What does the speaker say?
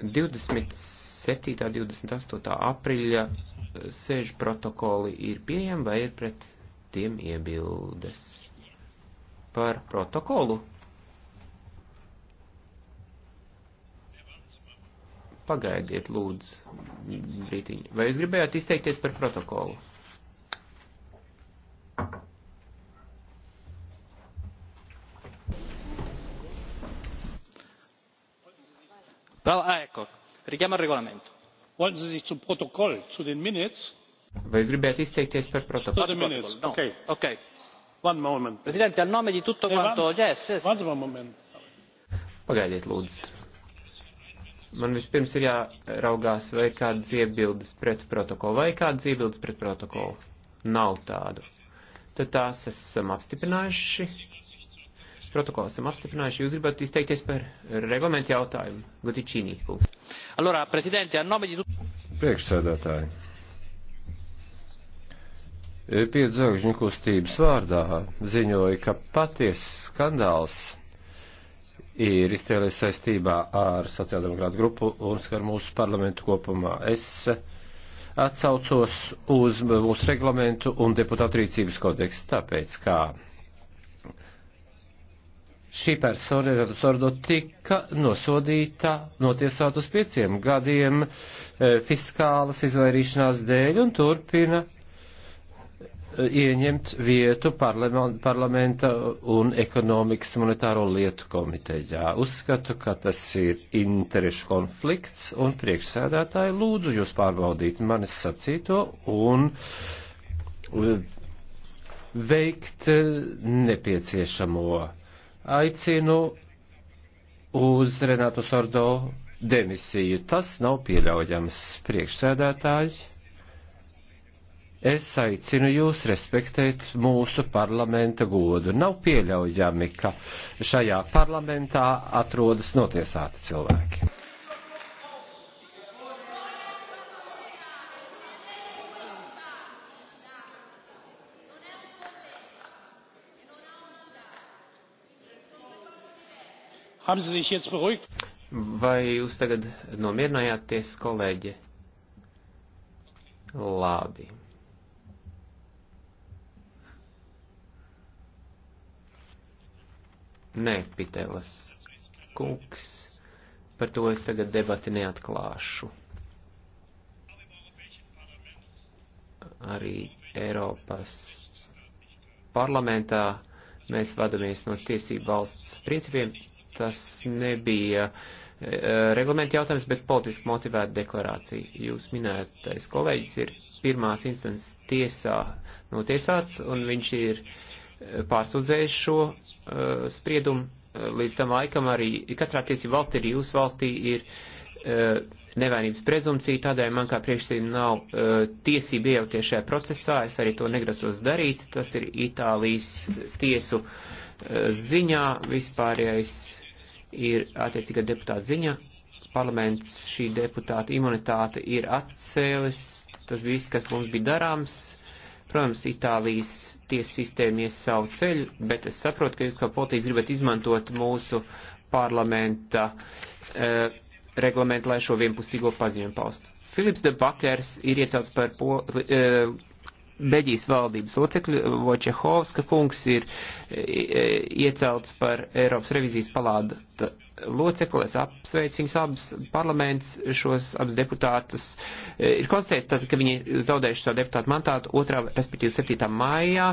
27. 28. aprīļa sēžu protokoli ir pieejami vai ir pret tiem iebildes par protokolu? Pagaidiet, lūdzu, brītiņi. Vai jūs gribējāt izteikties par protokolu? wollten sie sich zum protokoll zu den minutes? vai jūs gribējāt izteikties par protokolu? presidente a nome di tutto eh, quanto yes yes. pagaidiet lūdzu. Man vispirms ir jāraugās, vai ir kādas iebildes pret protokolu, vai kādas iebildes pret protokolu. Nav tādu. Tad tās esam apstiprinājuši protokolu esam apstiprinājuši. Jūs gribat izteikties par reglamentu jautājumu, Gutičīnī, kungs. Allora, prezidente, annome di... Priekšsēdētāji. Piedzāgžņu kustības vārdā ziņoja, ka paties skandāls ir izcēlies saistībā ar sociāldemokrātu grupu un skar mūsu parlamentu kopumā. Es atsaucos uz mūsu reglamentu un deputātu rīcības kodeksu, tāpēc kā šī persona ir sordo tika nosodīta, notiesāt uz pieciem gadiem e, fiskālas izvairīšanās dēļ un turpina e, ieņemt vietu parlamenta un ekonomikas monetāro lietu komitejā. Uzskatu, ka tas ir interešu konflikts un priekšsēdētāji lūdzu jūs pārbaudīt manis sacīto un e, veikt e, nepieciešamo aicinu uz Renātu Sordo demisiju. Tas nav pieļaujams priekšsēdētāji. Es aicinu jūs respektēt mūsu parlamenta godu. Nav pieļaujami, ka šajā parlamentā atrodas notiesāti cilvēki. Haben Sie sich jetzt beruhigt? Vai jūs tagad nomierinājāties, kolēģi? Labi. Nē, Pitēlas kungs, par to es tagad debati neatklāšu. Arī Eiropas parlamentā mēs vadamies no tiesību valsts principiem, tas nebija e, reglamenta jautājums, bet politiski motivēta deklarācija. Jūs minētais kolēģis ir pirmās instances tiesā notiesāts, un viņš ir e, pārsūdzējis šo uh, spriedumu. Līdz tam laikam arī katrā tiesība valstī, arī jūsu valstī ir uh, nevainības prezumcija, tādēļ man kā priekšsēdēm nav uh, tiesība iejaukties šajā procesā, es arī to negrasos darīt, tas ir Itālijas tiesu uh, ziņā vispārējais. Ja ir attiecīga deputāta ziņa. Parlaments šī deputāta imunitāte ir atcēlis. Tas viss, kas mums bija darāms. Protams, Itālijas tiesa sistēma ies savu ceļu, bet es saprotu, ka jūs kā politiķis gribat izmantot mūsu parlamenta eh, reglamentu, lai šo vienpusīgo paziņojumu paustu. Filips de Bakers ir iecelts par po, eh, Beģijas valdības locekļu Vočehovska kungs ir iecelts par Eiropas revizijas palādu locekli. Es apsveicu viņus abus parlaments, šos abus deputātus. Ir konstatēts, tad, ka viņi zaudējuši savu deputātu mandātu 2. respektīvi 7. maijā.